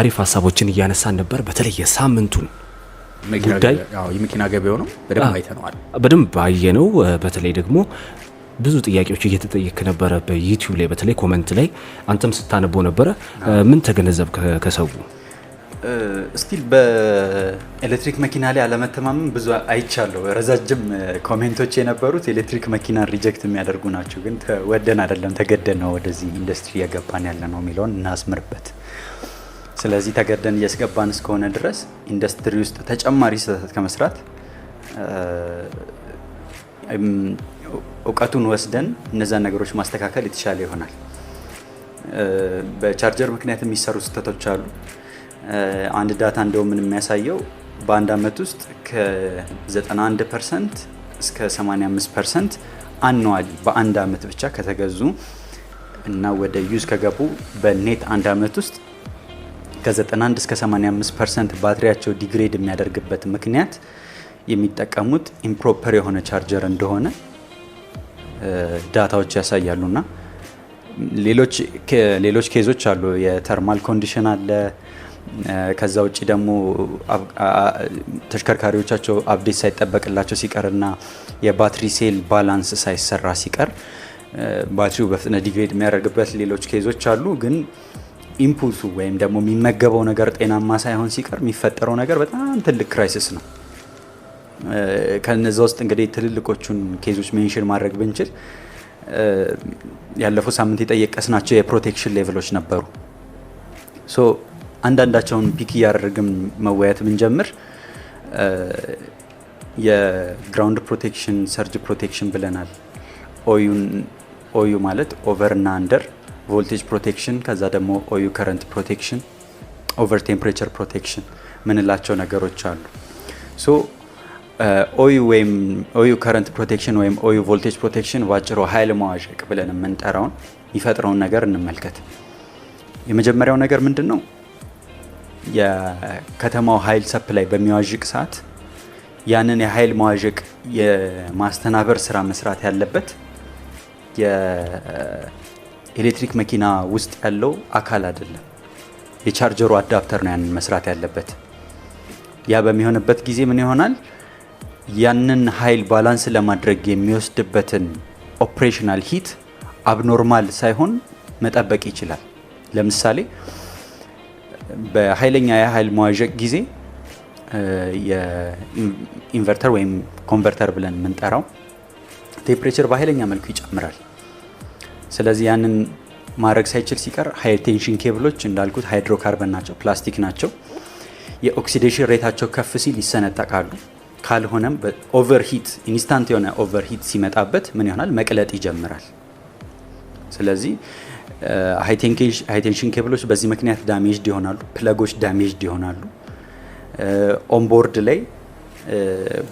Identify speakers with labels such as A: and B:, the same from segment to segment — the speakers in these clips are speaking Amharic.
A: አሪፍ ሀሳቦችን እያነሳን ነበር። በተለይ የሳምንቱን
B: ጉዳይ የመኪና ገበያው ነው በደንብ አይተነዋል፣
A: በደንብ አየነው። በተለይ ደግሞ ብዙ ጥያቄዎች እየተጠየቅ ነበረ በዩቲዩብ ላይ በተለይ ኮመንት ላይ አንተም ስታነቦ ነበረ። ምን ተገነዘብ ከሰው
B: ስቲል በኤሌክትሪክ መኪና ላይ አለመተማመን ብዙ አይቻለሁ። ረጃጅም ኮሜንቶች የነበሩት ኤሌክትሪክ መኪና ሪጀክት የሚያደርጉ ናቸው። ግን ወደን አይደለም ተገደን ነው ወደዚህ ኢንዱስትሪ እያገባን ያለ ነው የሚለውን እናስምርበት። ስለዚህ ተገደን እያስገባን እስከሆነ ድረስ ኢንዱስትሪ ውስጥ ተጨማሪ ስህተት ከመስራት እውቀቱን ወስደን እነዛን ነገሮች ማስተካከል የተሻለ ይሆናል። በቻርጀር ምክንያት የሚሰሩ ስህተቶች አሉ። አንድ ዳታ እንደውም ምን የሚያሳየው በአንድ ዓመት ውስጥ ከ91 ፐርሰንት እስከ 85 ፐርሰንት አነዋል በአንድ ዓመት ብቻ ከተገዙ እና ወደ ዩዝ ከገቡ በኔት አንድ ዓመት ውስጥ 91 እስከ 85 ፐርሰንት ባትሪያቸው ዲግሬድ የሚያደርግበት ምክንያት የሚጠቀሙት ኢምፕሮፐር የሆነ ቻርጀር እንደሆነ ዳታዎች ያሳያሉና ሌሎች ኬዞች አሉ። የተርማል ኮንዲሽን አለ። ከዛ ውጭ ደግሞ ተሽከርካሪዎቻቸው አፕዴት ሳይጠበቅላቸው ሲቀርና የባትሪ ሴል ባላንስ ሳይሰራ ሲቀር ባትሪው በፍጥነት ዲግሬድ የሚያደርግበት ሌሎች ኬዞች አሉ ግን ኢምፑልሱ ወይም ደግሞ የሚመገበው ነገር ጤናማ ሳይሆን ሲቀር የሚፈጠረው ነገር በጣም ትልቅ ክራይሲስ ነው። ከነዚ ውስጥ እንግዲህ ትልልቆቹን ኬዞች ሜንሽን ማድረግ ብንችል ያለፈው ሳምንት የጠየቀስናቸው የፕሮቴክሽን ሌቭሎች ነበሩ። ሶ አንዳንዳቸውን ፒክ እያደረግን መወያየት ብንጀምር የግራውንድ ፕሮቴክሽን፣ ሰርጅ ፕሮቴክሽን ብለናል። ኦዩ ማለት ኦቨር እና አንደር ቮልቴጅ ፕሮቴክሽን፣ ከዛ ደግሞ ኦዩ ከረንት ፕሮቴክሽን፣ ኦቨር ቴምፕሬቸር ፕሮቴክሽን ምንላቸው ነገሮች አሉ። ሶ ኦዩ uh, ወይም ኦዩ ከረንት ፕሮቴክሽን ወይም ኦዩ ቮልቴጅ ፕሮቴክሽን ባጭሩ ኃይል መዋዠቅ ብለን የምንጠራውን የሚፈጥረውን ነገር እንመልከት። የመጀመሪያው ነገር ምንድን ነው? የከተማው ኃይል ሰፕላይ በሚዋዥቅ ሰዓት ያንን የኃይል መዋዠቅ የማስተናበር ስራ መስራት ያለበት ኤሌክትሪክ መኪና ውስጥ ያለው አካል አይደለም፣ የቻርጀሩ አዳፕተር ነው ያንን መስራት ያለበት። ያ በሚሆንበት ጊዜ ምን ይሆናል? ያንን ኃይል ባላንስ ለማድረግ የሚወስድበትን ኦፕሬሽናል ሂት አብኖርማል ሳይሆን መጠበቅ ይችላል። ለምሳሌ በኃይለኛ የኃይል መዋዠቅ ጊዜ የኢንቨርተር ወይም ኮንቨርተር ብለን የምንጠራው ቴምፕሬቸር በኃይለኛ መልኩ ይጨምራል። ስለዚህ ያንን ማድረግ ሳይችል ሲቀር ሃይቴንሽን ኬብሎች እንዳልኩት ሃይድሮካርበን ናቸው፣ ፕላስቲክ ናቸው። የኦክሲዴሽን ሬታቸው ከፍ ሲል ይሰነጠቃሉ። ካልሆነም ኦቨርሂት ኢንስታንት የሆነ ኦቨርሂት ሲመጣበት ምን ይሆናል? መቅለጥ ይጀምራል። ስለዚህ ሃይቴንሽን ኬብሎች በዚህ ምክንያት ዳሜጅድ ይሆናሉ። ፕለጎች ዳሜጅድ ይሆናሉ። ኦንቦርድ ላይ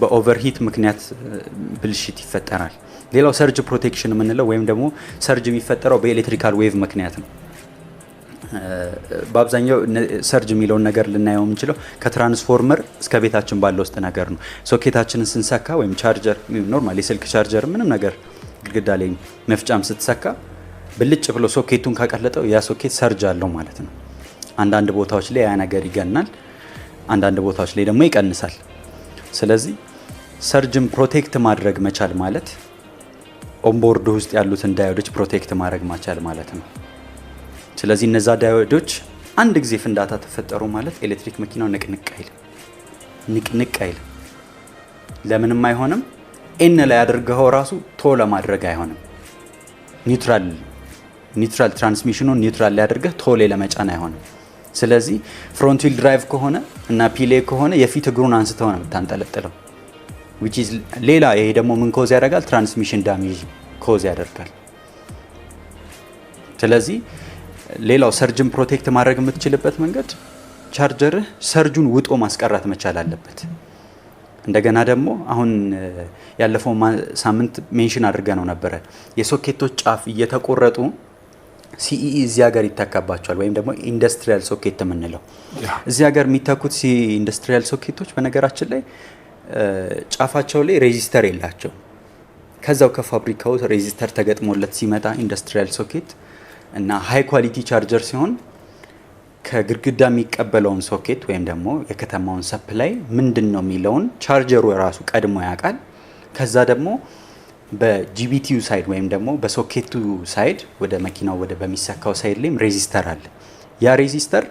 B: በኦቨርሂት ምክንያት ብልሽት ይፈጠራል። ሌላው ሰርጅ ፕሮቴክሽን የምንለው ወይም ደግሞ ሰርጅ የሚፈጠረው በኤሌክትሪካል ዌቭ ምክንያት ነው። በአብዛኛው ሰርጅ የሚለውን ነገር ልናየው የምንችለው ከትራንስፎርመር እስከ ቤታችን ባለ ውስጥ ነገር ነው። ሶኬታችንን ስንሰካ ወይም ቻርጀር ኖርማል የስልክ ቻርጀር ምንም ነገር ግድግዳ ላይ መፍጫም ስትሰካ ብልጭ ብሎ ሶኬቱን ካቀለጠው ያ ሶኬት ሰርጅ አለው ማለት ነው። አንዳንድ ቦታዎች ላይ ያ ነገር ይገናል፣ አንዳንድ ቦታዎች ላይ ደግሞ ይቀንሳል። ስለዚህ ሰርጅን ፕሮቴክት ማድረግ መቻል ማለት ኦንቦርድ ውስጥ ያሉትን ዳዮዶች ፕሮቴክት ማድረግ ማቻል ማለት ነው። ስለዚህ እነዛ ዳዮዶች አንድ ጊዜ ፍንዳታ ተፈጠሩ ማለት ኤሌክትሪክ መኪናው ንቅንቅ አይልም፣ ንቅንቅ አይልም። ለምንም አይሆንም። ኤን ላይ አድርገኸው ራሱ ቶ ለማድረግ አይሆንም። ኒውትራል ኒውትራል ትራንስሚሽኑን ኒውትራል ላይ አድርገህ ቶሌ ለመጫን አይሆንም። ስለዚህ ፍሮንት ዊል ድራይቭ ከሆነ እና ፒሌ ከሆነ የፊት እግሩን አንስተው ነው የምታንጠለጥለው። ሌላ ይሄ ደግሞ ምን ኮዝ ያደርጋል? ትራንስሚሽን ዳሜጅ ኮዝ ያደርጋል። ስለዚህ ሌላው ሰርጅን ፕሮቴክት ማድረግ የምትችልበት መንገድ ቻርጀርህ ሰርጁን ውጦ ማስቀራት መቻል አለበት። እንደገና ደግሞ አሁን ያለፈው ሳምንት ሜንሽን አድርገ ነው ነበረ የሶኬቶች ጫፍ እየተቆረጡ ሲኢኢ እዚህ ሀገር ይተካባቸዋል ወይም ደግሞ ኢንዱስትሪያል ሶኬት የምንለው እዚህ ሀገር የሚተኩት ኢንዱስትሪያል ሶኬቶች በነገራችን ላይ ጫፋቸው ላይ ሬዚስተር የላቸው። ከዛው ከፋብሪካው ሬዚስተር ተገጥሞለት ሲመጣ ኢንዱስትሪያል ሶኬት እና ሃይ ኳሊቲ ቻርጀር ሲሆን ከግድግዳ የሚቀበለውን ሶኬት ወይም ደግሞ የከተማውን ሰፕላይ ምንድን ነው የሚለውን ቻርጀሩ የራሱ ቀድሞ ያውቃል። ከዛ ደግሞ በጂቢቲዩ ሳይድ ወይም ደግሞ በሶኬቱ ሳይድ ወደ መኪናው ወደ በሚሰካው ሳይድ ላይም ሬዚስተር አለ። ያ ሬዚስተር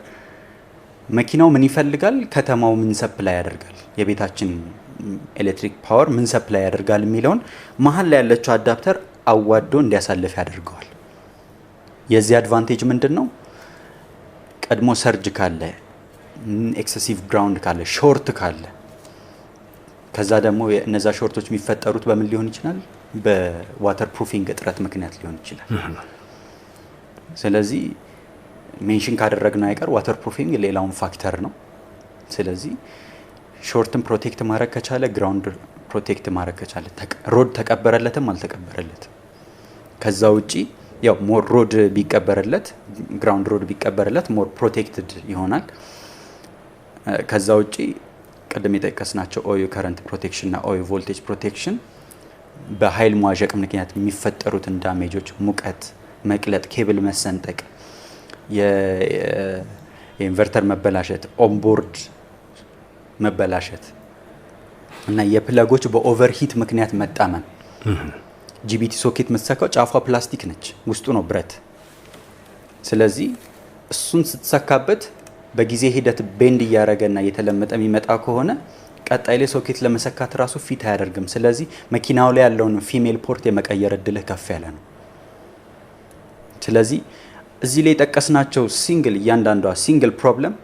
B: መኪናው ምን ይፈልጋል፣ ከተማው ምን ሰፕላይ ያደርጋል፣ የቤታችን ኤሌክትሪክ ፓወር ምን ሰፕላይ ያደርጋል የሚለውን መሀል ላይ ያለችው አዳፕተር አዋዶ እንዲያሳልፍ ያደርገዋል። የዚህ አድቫንቴጅ ምንድን ነው? ቀድሞ ሰርጅ ካለ፣ ኤክሰሲቭ ግራውንድ ካለ፣ ሾርት ካለ ከዛ ደግሞ እነዛ ሾርቶች የሚፈጠሩት በምን ሊሆን ይችላል? በዋተር ፕሩፊንግ እጥረት ምክንያት ሊሆን ይችላል። ስለዚህ ሜንሽን ካደረግነው አይቀር ዋተር ፕሩፊንግ ሌላውን ፋክተር ነው። ስለዚህ ሾርትን ፕሮቴክት ማድረግ ከቻለ ግራውንድ ፕሮቴክት ማድረግ ከቻለ ሮድ ተቀበረለትም አልተቀበረለት ከዛ ውጪ ያው ሞር ሮድ ቢቀበረለት ግራውንድ ሮድ ቢቀበረለት ሞር ፕሮቴክትድ ይሆናል። ከዛ ውጪ ቅድም የጠቀስናቸው ኦዩ ከረንት ፕሮቴክሽን እና ኦዩ ቮልቴጅ ፕሮቴክሽን በኃይል መዋዠቅ ምክንያት የሚፈጠሩትን ዳሜጆች፣ ሙቀት፣ መቅለጥ፣ ኬብል መሰንጠቅ፣ የኢንቨርተር መበላሸት ኦንቦርድ መበላሸት እና የፕለጎች በኦቨርሂት ምክንያት መጣመም። ጂቢቲ ሶኬት የምትሰካው ጫፏ ፕላስቲክ ነች፣ ውስጡ ነው ብረት። ስለዚህ እሱን ስትሰካበት በጊዜ ሂደት ቤንድ እያደረገና እየተለመጠ የሚመጣ ከሆነ ቀጣይ ላይ ሶኬት ለመሰካት ራሱ ፊት አያደርግም። ስለዚህ መኪናው ላይ ያለውን ፊሜል ፖርት የመቀየር እድልህ ከፍ ያለ ነው። ስለዚህ እዚህ ላይ የጠቀስናቸው ሲንግል እያንዳንዷ ሲንግል ፕሮብለም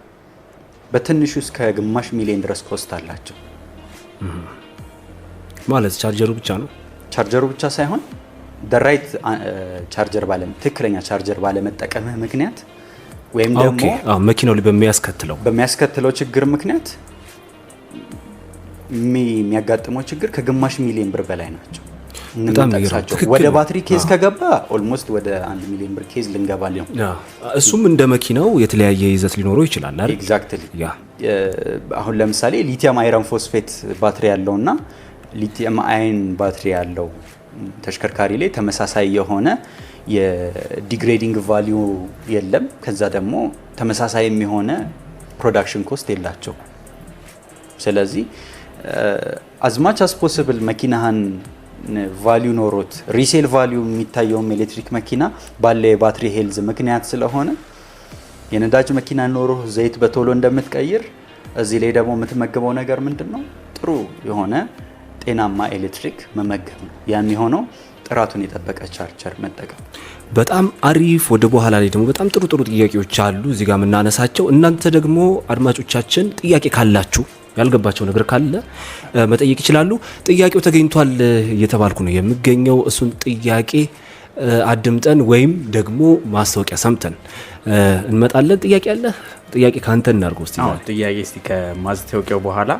B: በትንሹ እስከ ግማሽ ሚሊዮን ድረስ ኮስት አላቸው።
A: ማለት ቻርጀሩ ብቻ ነው።
B: ቻርጀሩ ብቻ ሳይሆን ደራይት uh, ቻርጀር ባለ ትክክለኛ ቻርጀር ባለመጠቀምህ ምክንያት
A: ወይም ደግሞ መኪናው ላይ በሚያስከትለው
B: በሚያስከትለው ችግር ምክንያት የሚያጋጥመው ችግር ከግማሽ ሚሊዮን ብር በላይ ናቸው። ወደ ባትሪ ኬዝ ከገባ ኦልሞስት ወደ አንድ ሚሊዮን ብር ኬዝ ልንገባል ነው።
A: እሱም እንደ መኪናው የተለያየ ይዘት ሊኖረው ይችላል አይደል?
B: ኤግዛክትሊ። አሁን ለምሳሌ ሊቲየም አይረን ፎስፌት ባትሪ ያለውና ሊቲየም አይን ባትሪ ያለው ተሽከርካሪ ላይ ተመሳሳይ የሆነ የዲግሬዲንግ ቫሊዩ የለም። ከዛ ደግሞ ተመሳሳይ የሚሆነ ፕሮዳክሽን ኮስት የላቸው። ስለዚህ አዝማች አስ ፖስብል መኪናህን ቫሊዩ ኖሮት ሪሴል ቫሊዩ የሚታየውም ኤሌክትሪክ መኪና ባለ የባትሪ ሄልዝ ምክንያት ስለሆነ የነዳጅ መኪና ኖሮ ዘይት በቶሎ እንደምትቀይር እዚህ ላይ ደግሞ የምትመገበው ነገር ምንድን ነው? ጥሩ የሆነ ጤናማ ኤሌክትሪክ መመገብ ነው። ያ የሚሆነው ጥራቱን የጠበቀ ቻርጀር መጠቀም።
A: በጣም አሪፍ። ወደ በኋላ ላይ ደግሞ በጣም ጥሩ ጥሩ ጥያቄዎች አሉ እዚጋ የምናነሳቸው። እናንተ ደግሞ አድማጮቻችን ጥያቄ ካላችሁ ያልገባቸው ነገር ካለ መጠየቅ ይችላሉ። ጥያቄው ተገኝቷል እየተባልኩ ነው የምገኘው። እሱን ጥያቄ አድምጠን ወይም ደግሞ ማስታወቂያ ሰምተን እንመጣለን። ጥያቄ አለ። ጥያቄ ከአንተ እናድርገው እስኪ።
B: ጥያቄ ስ ከማስታወቂያው በኋላ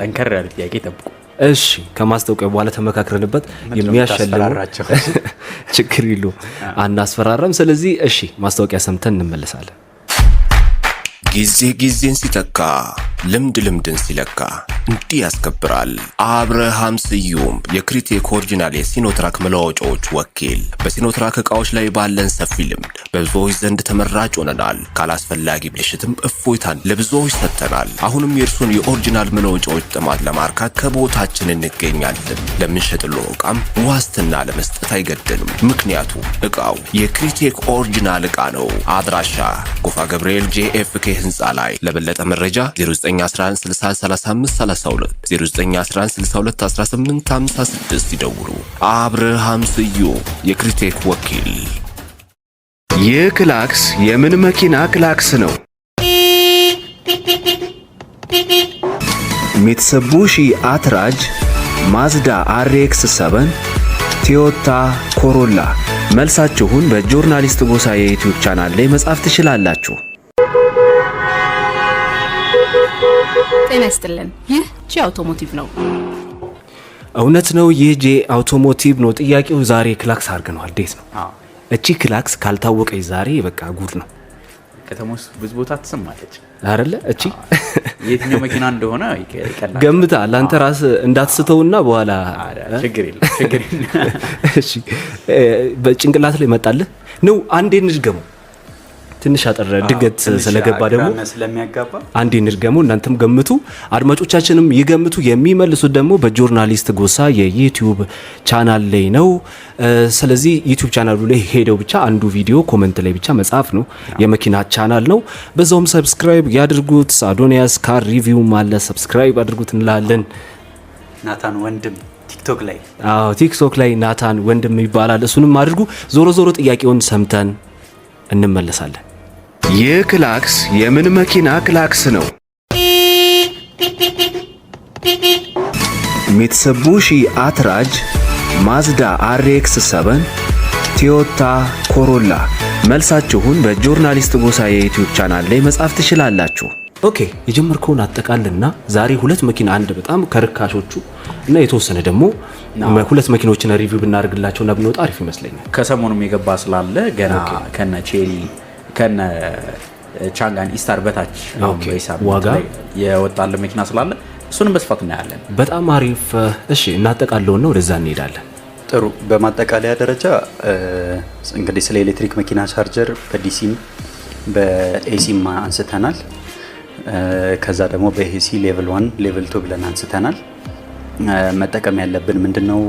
B: ጠንከር ያለ ጥያቄ ጠብቁ።
A: እሺ ከማስታወቂያ በኋላ ተመካክረንበት የሚያሸልሙ ችግር ይሉ አናስፈራረም። ስለዚህ እሺ ማስታወቂያ ሰምተን እንመለሳለን።
C: ጊዜ ጊዜን ሲተካ ልምድ ልምድን ሲለካ እንዲህ ያስከብራል። አብርሃም ስዩም የክሪቴክ ኦሪጂናል የሲኖትራክ መለዋወጫዎች ወኪል። በሲኖትራክ እቃዎች ላይ ባለን ሰፊ ልምድ በብዙዎች ዘንድ ተመራጭ ሆነናል። ካላስፈላጊ ብልሽትም እፎይታን ለብዙዎች ሰጥተናል። አሁንም የእርሱን የኦሪጂናል መለወጫዎች ጥማት ለማርካት ከቦታችን እንገኛለን። ለምንሸጥሎ እቃም ዋስትና ለመስጠት አይገድልም። ምክንያቱ እቃው የክሪቴክ ኦሪጂናል እቃ ነው። አድራሻ ጎፋ ገብርኤል ጄኤፍኬ ህንፃ ላይ። ለበለጠ መረጃ 0911603532 0911621856 ይደውሉ። አብርሃም ስዩ የክሪቴክ ወኪል። ይህ ክላክስ የምን መኪና ክላክስ ነው? ሚትሱቢሺ አትራጅ፣ ማዝዳ አርኤክስ 7፣ ቶዮታ ኮሮላ መልሳችሁን በጆርናሊስት ጎሳ የዩቲዩብ ቻናል ላይ መጻፍ ትችላላችሁ።
D: ጤና ይስጥልን። ይህ ጂ አውቶሞቲቭ ነው።
A: እውነት ነው፣ ይህ ጂ አውቶሞቲቭ ነው። ጥያቄው ዛሬ ክላክስ አድርገነዋል። እንዴት ነው እቺ ክላክስ ካልታወቀች ዛሬ በቃ ጉድ ነው።
B: ከተማ ውስጥ ብዙ ቦታ ትስማለች አይደለ? እቺ የትኛው መኪና እንደሆነ
A: ገምታ ለአንተ ራስ እንዳትስተውና በኋላ
B: ችግር የለም።
A: በጭንቅላት ላይ መጣልህ ነው። አንዴ ንሽ ገመው ትንሽ አጠረ ድገት ስለገባ ደግሞ አንድ እንድገመው፣ እናንተም ገምቱ፣ አድማጮቻችንም ይገምቱ። የሚመልሱት ደግሞ በጆርናሊስት ጎሳ የዩቲዩብ ቻናል ላይ ነው። ስለዚህ ዩቲዩብ ቻናሉ ላይ ሄደው ብቻ አንዱ ቪዲዮ ኮመንት ላይ ብቻ መጻፍ ነው። የመኪና ቻናል ነው። በዛውም ሰብስክራይብ ያድርጉት። አዶኒያስ ካር ሪቪው አለ፣ ሰብስክራይብ አድርጉት እንላለን።
B: ናታን ወንድም ቲክቶክ ላይ
A: አዎ፣ ቲክቶክ ላይ ናታን ወንድም ይባላል። እሱንም አድርጉ። ዞሮ ዞሮ ጥያቄውን ሰምተን እንመለሳለን።
C: ይህ ክላክስ የምን መኪና ክላክስ ነው? ሚትሱቢሺ አትራጅ፣ ማዝዳ አርኤክስ 7፣ ቲዮታ ኮሮላ። መልሳችሁን በጆርናሊስት ጎሳ የዩቲዩብ ቻናል ላይ መጻፍ ትችላላችሁ።
A: ኦኬ የጀመርከውን አጠቃልና ዛሬ ሁለት መኪና አንድ በጣም ከርካሾቹ እና የተወሰነ ደግሞ ሁለት መኪኖችን ሪቪው ብናደርግላቸው ብናደርግላቸውና ብንወጣ አሪፍ ይመስለኛል።
B: ከሰሞኑም የገባ ስላለ ገና ከነ ቼሪ ከነ ቻንጋን ኢስታር በታች ዋጋ የወጣለ መኪና ስላለ እሱንም በስፋት እናያለን።
A: በጣም አሪፍ። እሺ እናጠቃለውን ነው ወደዛ እንሄዳለን።
B: ጥሩ። በማጠቃለያ ደረጃ እንግዲህ ስለ ኤሌክትሪክ መኪና ቻርጀር በዲሲም በኤሲም አንስተናል። ከዛ ደግሞ በኤሲ ሌቭል ዋን ሌቭል ቱ ብለን አንስተናል። መጠቀም ያለብን ምንድን ነው?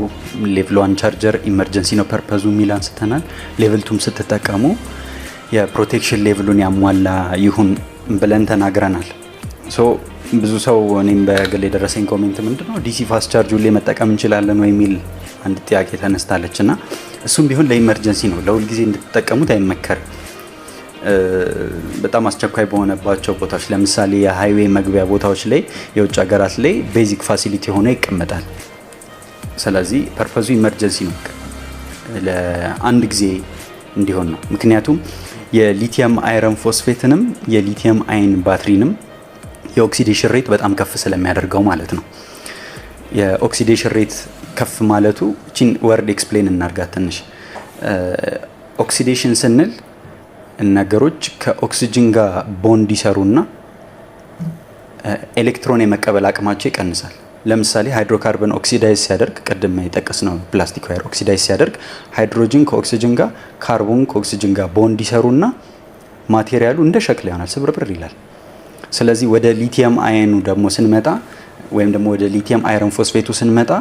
B: ሌቭል ዋን ቻርጀር ኢመርጀንሲ ነው ፐርፐዙ የሚል አንስተናል። ሌቭል ቱም ስትጠቀሙ የፕሮቴክሽን ሌቭሉን ያሟላ ይሁን ብለን ተናግረናል። ሶ ብዙ ሰው እኔም በግል የደረሰኝ ኮሜንት ምንድነው ዲሲ ፋስት ቻርጅ ሁሌ መጠቀም እንችላለን ወይ የሚል አንድ ጥያቄ ተነስታለች እና እሱም ቢሆን ለኢመርጀንሲ ነው፣ ለሁልጊዜ እንድትጠቀሙት አይመከርም። በጣም አስቸኳይ በሆነባቸው ቦታዎች ለምሳሌ የሃይዌ መግቢያ ቦታዎች ላይ የውጭ ሀገራት ላይ ቤዚክ ፋሲሊቲ ሆኖ ይቀመጣል። ስለዚህ ፐርፐዙ ኢመርጀንሲ ነው፣ ለአንድ ጊዜ እንዲሆን ነው። ምክንያቱም የሊቲየም አይረን ፎስፌትንም የሊቲየም አይን ባትሪንም የኦክሲዴሽን ሬት በጣም ከፍ ስለሚያደርገው ማለት ነው። የኦክሲዴሽን ሬት ከፍ ማለቱ እቺን ወርድ ኤክስፕሌን እናርጋት ትንሽ። ኦክሲዴሽን ስንል ነገሮች ከኦክሲጅን ጋር ቦንድ ይሰሩና ኤሌክትሮን የመቀበል አቅማቸው ይቀንሳል። ለምሳሌ ሃይድሮካርበን ኦክሲዳይዝ ሲያደርግ ቅድም የጠቀስ ነው ፕላስቲክ ዋየር ኦክሲዳይዝ ሲያደርግ ሃይድሮጅን ከኦክሲጅን ጋር ካርቦን ከኦክሲጅን ጋር ቦንድ ይሰሩና ማቴሪያሉ እንደ ሸክላ ይሆናል፣ ስብርብር ይላል። ስለዚህ ወደ ሊቲየም አየኑ ደግሞ ስንመጣ ወይም ደግሞ ወደ ሊቲየም አይረን ፎስፌቱ ስንመጣ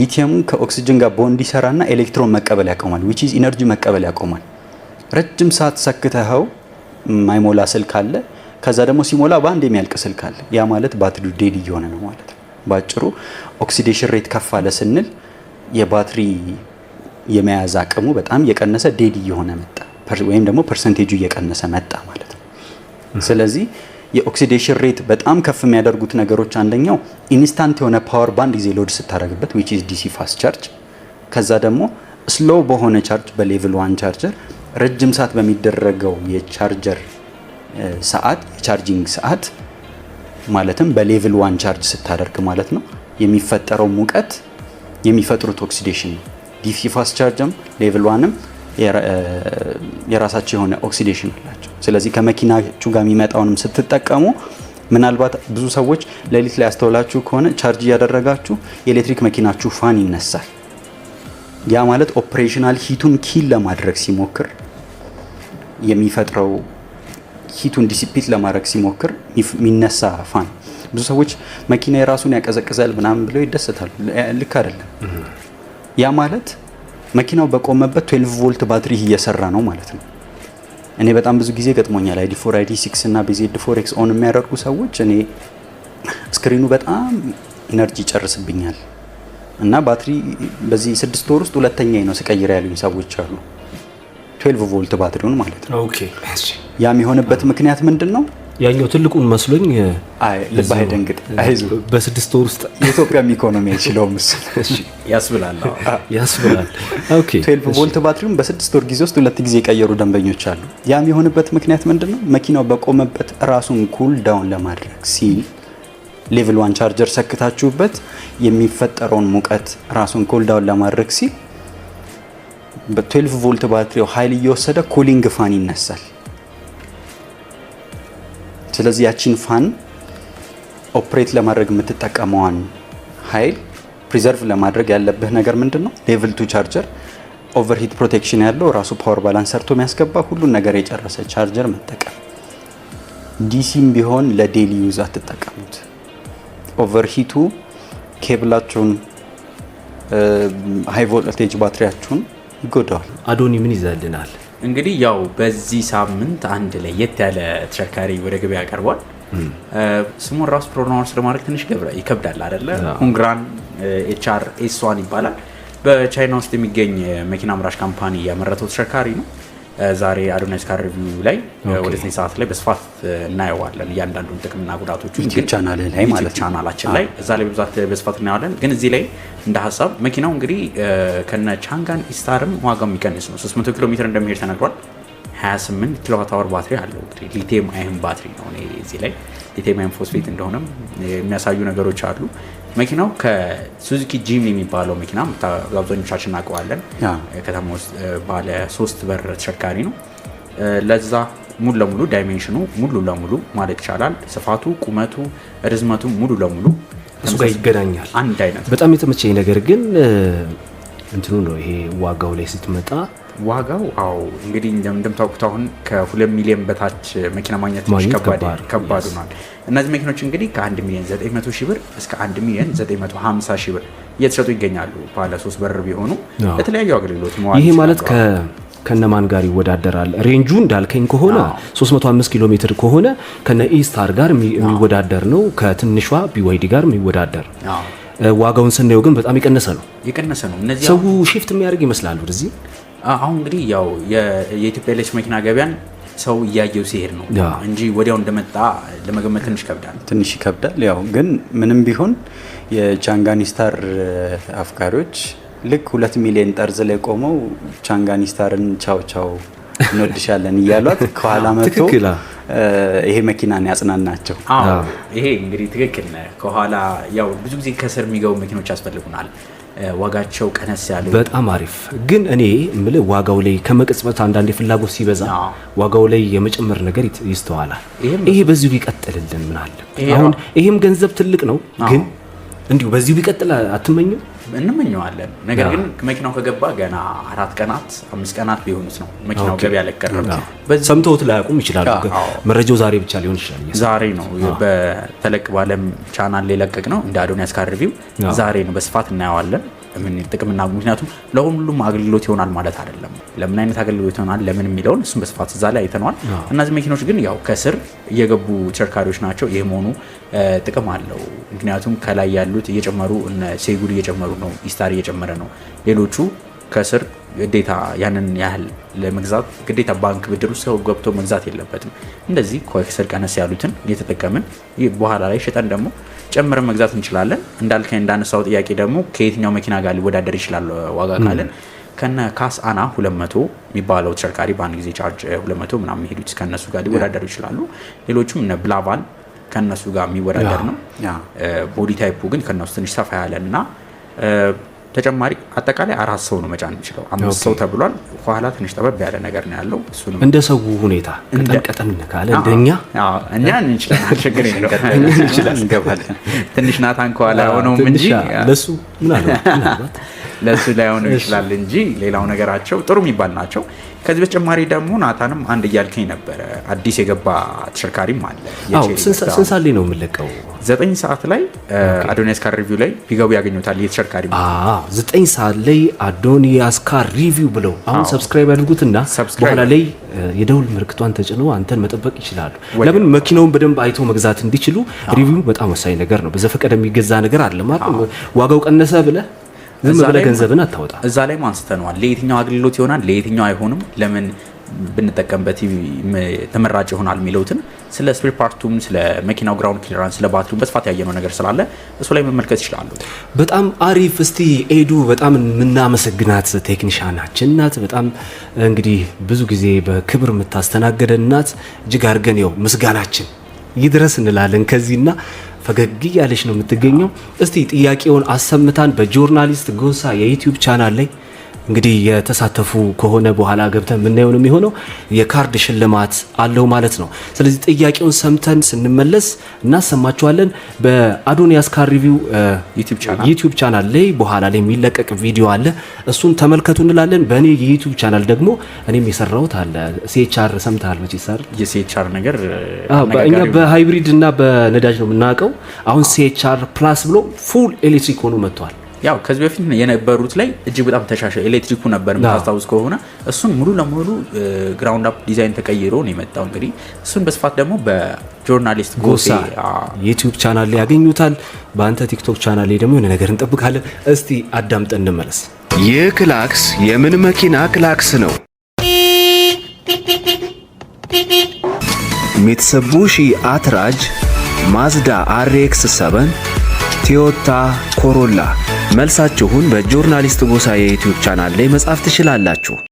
B: ሊቲየሙ ከኦክሲጅን ጋር ቦንድ ይሰራና ኤሌክትሮን መቀበል ያቆማል፣ ዊች ኢዝ ኢነርጂ መቀበል ያቆማል። ረጅም ሰዓት ሰክተኸው ማይሞላ ስልክ አለ። ከዛ ደግሞ ሲሞላ በአንድ የሚያልቅ ስልክ አለ። ያ ማለት ባትሪው ዴድ እየሆነ ነው ማለት ነው። ባጭሩ ኦክሲዴሽን ሬት ከፍ አለ ስንል የባትሪ የመያዝ አቅሙ በጣም እየቀነሰ ዴድ እየሆነ መጣ፣ ወይም ደግሞ ፐርሰንቴጁ እየቀነሰ መጣ ማለት ነው። ስለዚህ የኦክሲዴሽን ሬት በጣም ከፍ የሚያደርጉት ነገሮች አንደኛው ኢንስታንት የሆነ ፓወር ባንድ ጊዜ ሎድ ስታደርግበት ዊች ኢዝ ዲሲ ፋስት ቻርጅ፣ ከዛ ደግሞ ስሎ በሆነ ቻርጅ በሌቭል ዋን ቻርጀር ረጅም ሰዓት በሚደረገው የቻርጀር ሰዓት የቻርጂንግ ሰዓት ማለትም በሌቭል ዋን ቻርጅ ስታደርግ ማለት ነው የሚፈጠረው ሙቀት የሚፈጥሩት ኦክሲዴሽን ነው። ዲሲ ፋስት ቻርጅም ሌቭል ዋንም የራሳቸው የሆነ ኦክሲዴሽን አላቸው። ስለዚህ ከመኪናችሁ ጋር የሚመጣውንም ስትጠቀሙ ምናልባት ብዙ ሰዎች ሌሊት ላይ ያስተውላችሁ ከሆነ ቻርጅ እያደረጋችሁ የኤሌክትሪክ መኪናችሁ ፋን ይነሳል። ያ ማለት ኦፕሬሽናል ሂቱን ኪል ለማድረግ ሲሞክር የሚፈጥረው ሂቱን ዲሲፕሊን ለማድረግ ሲሞክር የሚነሳ ፋን ብዙ ሰዎች መኪና የራሱን ያቀዘቅዛል ምናምን ብለው ይደሰታሉ። ልክ አይደለም። ያ ማለት መኪናው በቆመበት 12 ቮልት ባትሪ እየሰራ ነው ማለት ነው። እኔ በጣም ብዙ ጊዜ ገጥሞኛል። አይዲ ፎር አይዲ ሲክስ እና ቤዜድ ፎር ኤክስ ኦን የሚያደርጉ ሰዎች እኔ ስክሪኑ በጣም ኢነርጂ ይጨርስብኛል እና ባትሪ በዚህ ስድስት ወር ውስጥ ሁለተኛ ነው ስቀይር ያሉኝ ሰዎች አሉ። 12 ቮልት ባትሪውን ማለት ነው። ኦኬ ያም የሆነበት ምክንያት ምንድን ነው?
A: ያኛው ትልቁን መስሎኝ ልብ አይደንግጥ፣ በስድስት ወር ውስጥ
B: የኢትዮጵያም ኢኮኖሚ አይችለውም ያስብላል ያስብላል። ቱዌልቭ ቮልት ባትሪውን በስድስት ወር ጊዜ ውስጥ ሁለት ጊዜ የቀየሩ ደንበኞች አሉ። ያም የሆነበት ምክንያት ምንድን ነው? መኪናው በቆመበት ራሱን ኩል ዳውን ለማድረግ ሲል ሌቭል ዋን ቻርጀር ሰክታችሁበት የሚፈጠረውን ሙቀት ራሱን ኩል ዳውን ለማድረግ ሲል በ12 ቮልት ባትሪው ኃይል እየወሰደ ኩሊንግ ፋን ይነሳል። ስለዚህ ያቺን ፋን ኦፕሬት ለማድረግ የምትጠቀመዋን ኃይል ፕሪዘርቭ ለማድረግ ያለብህ ነገር ምንድን ነው? ሌቭል ቱ ቻርጀር ኦቨርሂት ፕሮቴክሽን ያለው ራሱ ፓወር ባላንስ ሰርቶ የሚያስገባ ሁሉን ነገር የጨረሰ ቻርጀር መጠቀም። ዲሲም ቢሆን ለዴሊ ዩዝ አትጠቀሙት። ኦቨርሂቱ ኬብላችሁን፣ ሃይ ቮልቴጅ ባትሪያችሁን ይጎዳዋል።
A: አዶኒ ምን ይዘልናል?
B: እንግዲህ ያው በዚህ ሳምንት አንድ ለየት ያለ ተሽከርካሪ ወደ ገበያ ቀርቧል። ስሙን ራሱ ፕሮናውንስ ለማድረግ ትንሽ ገብረ ይከብዳል አይደለ? ሁንግራን ኤችአር ኤስዋን ይባላል። በቻይና ውስጥ የሚገኝ መኪና አምራች ካምፓኒ ያመረተው ተሽከርካሪ ነው። ዛሬ አዶናይስ ካር ሪቪው ላይ ወደ ዘጠኝ ሰዓት ላይ በስፋት እናየዋለን። እያንዳንዱን ጥቅምና ጉዳቶቹ ቻናላችን ላይ እዛ ላይ በብዛት በስፋት እናየዋለን። ግን እዚህ ላይ እንደ ሀሳብ መኪናው እንግዲህ ከነ ቻንጋን ኢስታርም ዋጋው የሚቀንስ ነው። 300 ኪሎ ሜትር እንደሚሄድ ተነግሯል። 28 ኪሎዋት አወር ባትሪ አለው። እንግዲህ ሊቴም አይን ባትሪ ነው። እዚህ ላይ ሊቴም አይን ፎስፌት እንደሆነም የሚያሳዩ ነገሮች አሉ። መኪናው ከሱዝኪ ጂም የሚባለው መኪና አብዛኞቻችን እናውቀዋለን። ከተማ ውስጥ ባለ ሶስት በር ተሸካሪ ነው። ለዛ ሙሉ ለሙሉ ዳይሜንሽኑ ሙሉ ለሙሉ ማለት ይቻላል ስፋቱ፣ ቁመቱ፣ ርዝመቱ ሙሉ ለሙሉ
A: እሱ ጋር ይገናኛል። አንድ አይነት በጣም የተመቸኝ ነገር ግን እንትኑ ነው ይሄ ዋጋው ላይ ስትመጣ
B: ዋጋው አዎ እንግዲህ እንደምታውቁት አሁን ከሁለት ሚሊዮን በታች መኪና ማግኘት ከባድ ሆኗል። እነዚህ መኪኖች እንግዲህ ከአንድ ሚሊዮን ዘጠኝ መቶ ሺህ ብር እስከ አንድ ሚሊዮን ዘጠኝ መቶ ሀምሳ ሺህ ብር እየተሸጡ ይገኛሉ። ባለ ሶስት በር ቢሆኑ ለተለያዩ አገልግሎት
A: መዋል ይሄ ማለት ከነማን ጋር ይወዳደራል? ሬንጁ እንዳልከኝ ከሆነ 305 ኪሎ ሜትር ከሆነ ከነ ኢስታር ጋር የሚወዳደር ነው። ከትንሿ ቢዋይዲ ጋር የሚወዳደር ዋጋውን ስናየው ግን በጣም የቀነሰ ነው የቀነሰ ነው። እነዚህ ሰው ሺፍት የሚያደርግ ይመስላል ወደዚህ።
B: አሁን እንግዲህ ያው የኢትዮጵያ ኤሌክትሪክ መኪና ገበያን ሰው እያየው ሲሄድ ነው እንጂ ወዲያው እንደመጣ ለመገመት ትንሽ ይከብዳል ትንሽ ይከብዳል። ያው ግን ምንም ቢሆን የቻንጋኒስታር አፍቃሪዎች ልክ ሁለት ሚሊዮን ጠርዝ ላይ ቆመው ቻንጋኒስታርን ቻው ቻው እንወድሻለን እያሏት ከኋላ መጥቶ ይሄ መኪናን ያጽናናቸው። ይሄ እንግዲህ ትክክል ነ ከኋላ ያው ብዙ ጊዜ ከስር የሚገቡ መኪኖች ያስፈልጉናል። ዋጋቸው ቀነስ ያለ
A: በጣም አሪፍ ግን እኔ ምል ዋጋው ላይ ከመቅጽበት አንዳንዴ ፍላጎት ሲበዛ ዋጋው ላይ የመጨመር ነገር ይስተዋላል። ይሄ በዚሁ ቢቀጥልልን ምናለ አሁን ይሄም ገንዘብ ትልቅ ነው ግን እንዲሁ በዚሁ ቢቀጥል አትመኙ?
B: እንመኘዋለን። ነገር ግን መኪናው ከገባ ገና አራት ቀናት አምስት ቀናት ቢሆኑት ነው መኪናው ገቢ ላይ
A: ሰምተውት ላያውቁም ይችላሉ። መረጃው ዛሬ ብቻ ሊሆን ይችላል።
B: ዛሬ ነው በተለቅ ባለም ቻናል የለቀቅ ነው። እንደ አዶኒያስ ካር ሪቪው ዛሬ ነው በስፋት እናየዋለን። ጥቅምና ምክንያቱም ለሁሉም አገልግሎት ይሆናል ማለት አይደለም። ለምን አይነት አገልግሎት ይሆናል ለምን የሚለውን እሱም በስፋት እዛ ላይ አይተነዋል። እነዚህ መኪኖች ግን ያው ከስር እየገቡ ተሽከርካሪዎች ናቸው። ይህ መሆኑ ጥቅም አለው። ምክንያቱም ከላይ ያሉት እየጨመሩ ሴጉል እየጨመሩ ነው፣ ኢስታር እየጨመረ ነው። ሌሎቹ ከስር ግዴታ ያንን ያህል ለመግዛት ግዴታ ባንክ ብድር ውስጥ ሰው ገብቶ መግዛት የለበትም። እንደዚህ ከስር ቀነስ ያሉትን እየተጠቀምን በኋላ ላይ ሸጠን ደግሞ ጨምረን መግዛት እንችላለን። እንዳልከኝ እንዳነሳው ጥያቄ ደግሞ ከየትኛው መኪና ጋር ሊወዳደር ይችላል ዋጋ ካለን ከነ ካስ አና 200 የሚባለው ተሽከርካሪ በአንድ ጊዜ ቻርጅ 200 ምናምን የሚሄዱት ከነሱ ጋር ሊወዳደሩ ይችላሉ። ሌሎቹም እነ ብላቫን ከነሱ ጋር የሚወዳደር ነው። ቦዲ ታይፑ ግን ከነሱ ትንሽ ሰፋ ያለ እና ተጨማሪ አጠቃላይ አራት ሰው ነው መጫን የሚችለው። አምስት ሰው ተብሏል። ኋላ ትንሽ ጠበብ ያለ ነገር ነው ያለው።
A: እሱንም እንደ ሰው ሁኔታ ቀጠን ካለ እንደኛ
B: እኛ እንችላለን፣ ችግር የለውም እንገባለን። ትንሽ ናታን ከኋላ ሆነውም እንጂ
A: ለሱ
B: ለሱ ላይ ይችላል እንጂ ሌላው ነገራቸው ጥሩ የሚባል ናቸው። ከዚህ በተጨማሪ ደግሞ ናታንም አንድ እያልከኝ ነበረ አዲስ የገባ ተሽከርካሪም አለ።
A: ስንት ሰዓት ላይ ነው የምለቀው?
B: ዘጠኝ ሰዓት ላይ አዶኒያስ ካር ሪቪው ላይ ቢገቡ ያገኙታል። የተሽከርካሪ
A: ዘጠኝ ሰዓት ላይ አዶኒያስ ካር ሪቪው ብለው አሁን ሰብስክራይብ ያድርጉትና በኋላ ላይ የደውል ምልክቷን ተጭነው አንተን መጠበቅ ይችላሉ። ለምን መኪናውን በደንብ አይቶ መግዛት እንዲችሉ ሪቪው በጣም ወሳኝ ነገር ነው። በዘፈቀደ የሚገዛ ነገር አለ ማለት ዋጋው ቀነሰ ብለህ ዝም ብለህ ገንዘብን አታወጣ።
B: እዛ ላይ አንስተነዋል። ለየትኛው አገልግሎት ይሆናል፣ ለየትኛው አይሆንም፣ ለምን ብንጠቀምበት ተመራጭ ይሆናል የሚለውትን ስለ ስፔር ፓርቱም ስለ መኪናው ግራውንድ ክሊራንስ ስለ ባትሪው በስፋት ያየነው ነገር ስላለ እሱ ላይ መመልከት ይችላሉ።
A: በጣም አሪፍ። እስቲ ኤዱ በጣም የምናመሰግናት ቴክኒሻናችን ናት። በጣም እንግዲህ ብዙ ጊዜ በክብር የምታስተናገደን ናት። እጅግ አድርገን ው ምስጋናችን ይድረስ እንላለን ከዚህና ፈገግ እያለች ነው የምትገኘው። እስቲ ጥያቄውን አሰምታን በጆርናሊስት ጎሳ የዩቲዩብ ቻናል ላይ እንግዲህ የተሳተፉ ከሆነ በኋላ ገብተን የምናየው ነው የሚሆነው። የካርድ ሽልማት አለው ማለት ነው። ስለዚህ ጥያቄውን ሰምተን ስንመለስ እናሰማችኋለን። በአዶኒያስ ካር ሪቪው ዩቲዩብ ቻናል ላይ በኋላ ላይ የሚለቀቅ ቪዲዮ አለ፣ እሱን ተመልከቱ እንላለን። በእኔ የዩቲዩብ ቻናል ደግሞ እኔም የሰራሁት አለ። ሲኤችአር ሰምተሃል መቼ
B: የሲኤችአር ነገር
A: እኛ በሃይብሪድ እና በነዳጅ ነው የምናውቀው። አሁን ሲኤችአር ፕላስ ብሎ ፉል ኤሌክትሪክ ሆኖ መጥቷል።
B: ያው ከዚህ በፊት የነበሩት ላይ እጅግ በጣም ተሻሸ ኤሌክትሪኩ ነበር የምታስታውስ ከሆነ እሱን ሙሉ ለሙሉ ግራውንድ አፕ ዲዛይን ተቀይሮ ነው የመጣው። እንግዲህ እሱን በስፋት ደግሞ በጆርናሊስት ጎሳ
A: ዩቲዩብ ቻናል ላይ ያገኙታል። በአንተ ቲክቶክ ቻናል ላይ ደግሞ የሆነ ነገር እንጠብቃለን። እስቲ አዳምጠን እንመለስ።
C: ይህ ክላክስ የምን መኪና ክላክስ ነው? ሚትሱቢሺ አትራጅ፣ ማዝዳ አርኤክስ 7፣ ቶዮታ ኮሮላ መልሳችሁን በጆርናሊስት ጎሳ የዩቲዩብ ቻናል ላይ መጻፍ ትችላላችሁ።